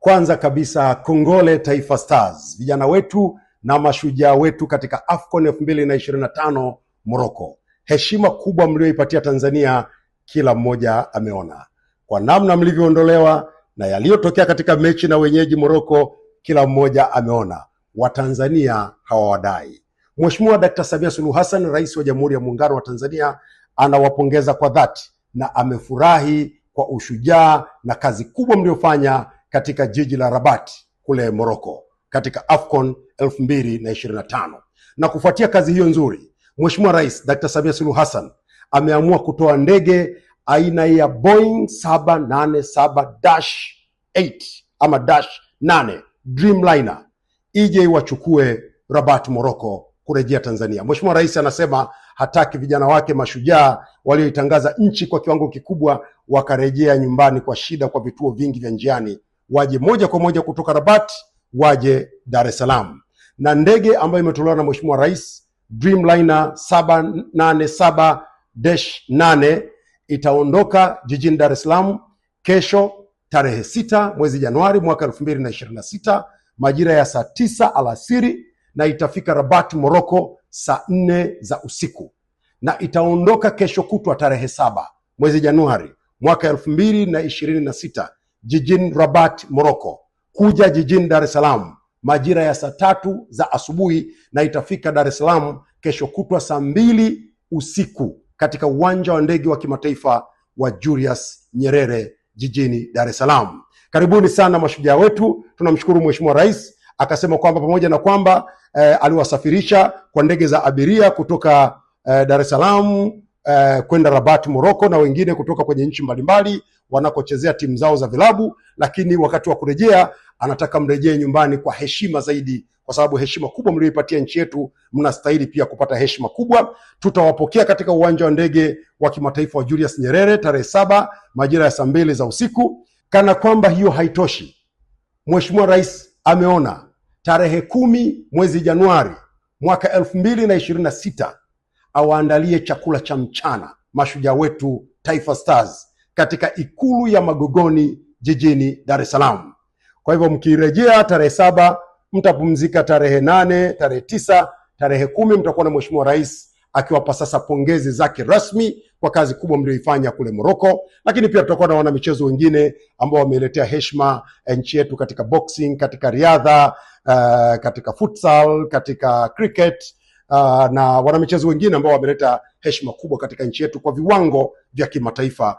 Kwanza kabisa kongole Taifa Stars, vijana wetu na mashujaa wetu katika AFCON elfu mbili na Morocco. Heshima kubwa mlioipatia Tanzania kila mmoja ameona, kwa namna mlivyoondolewa na yaliyotokea katika mechi na wenyeji Morocco, kila mmoja ameona. Watanzania hawawadai. Mheshimiwa Dkt. Samia Suluhu Hassan, Rais wa Jamhuri ya Muungano wa Tanzania, anawapongeza kwa dhati na amefurahi kwa ushujaa na kazi kubwa mliofanya katika jiji la Rabat kule Morocco katika AFCON 2025. na Na kufuatia kazi hiyo nzuri, Mheshimiwa Rais Dr. Samia Suluhu Hassan ameamua kutoa ndege aina ya Boeing 787-8 ama dash 8 Dreamliner ije iwachukue Rabat Morocco kurejea Tanzania. Mheshimiwa Rais anasema hataki vijana wake mashujaa walioitangaza nchi kwa kiwango kikubwa wakarejea nyumbani kwa shida, kwa vituo vingi vya njiani waje moja kwa moja kutoka Rabat waje Dar es Salaam, na ndege ambayo imetolewa na Mheshimiwa Rais Dreamliner 787-8 itaondoka jijini Dar es Salaam kesho tarehe sita mwezi Januari mwaka elfu mbili na ishirini na sita majira ya saa tisa alasiri na itafika Rabat Morocco saa nne za usiku na itaondoka kesho kutwa tarehe saba mwezi Januari mwaka elfu mbili na ishirini na sita jijini Rabat, Morocco, kuja jijini Dar es Salaam majira ya saa tatu za asubuhi na itafika Dar es Salaam kesho kutwa saa mbili usiku katika uwanja wa ndege wa kimataifa wa Julius Nyerere jijini Dar es Salaam. Karibuni sana mashujaa wetu. Tunamshukuru Mheshimiwa Rais akasema kwamba pamoja na kwamba eh, aliwasafirisha kwa ndege za abiria kutoka eh, Dar es Salaam eh, kwenda Rabat Morocco, na wengine kutoka kwenye nchi mbalimbali wanakochezea timu zao za vilabu, lakini wakati wa kurejea anataka mrejee nyumbani kwa heshima zaidi, kwa sababu heshima kubwa mlioipatia nchi yetu mnastahili pia kupata heshima kubwa. Tutawapokea katika uwanja wa ndege wa kimataifa wa Julius Nyerere tarehe saba majira ya saa mbili za usiku. Kana kwamba hiyo haitoshi, Mheshimiwa Rais ameona tarehe kumi mwezi Januari mwaka elfu mbili na ishirini na sita awaandalie chakula cha mchana mashujaa wetu Taifa Stars katika ikulu ya Magogoni jijini Dar es Salaam. Kwa hivyo mkirejea tarehe saba mtapumzika tarehe nane, tarehe tisa, tarehe kumi mtakuwa na Mheshimiwa Rais akiwapa sasa pongezi zake rasmi kwa kazi kubwa mlioifanya kule moroko lakini pia tutakuwa na wana michezo wengine ambao wameletea heshima eh, nchi yetu katika boxing, katika riadha, uh, katika futsal, katika cricket uh, na wanamichezo wengine ambao wameleta heshima kubwa katika nchi yetu kwa viwango vya kimataifa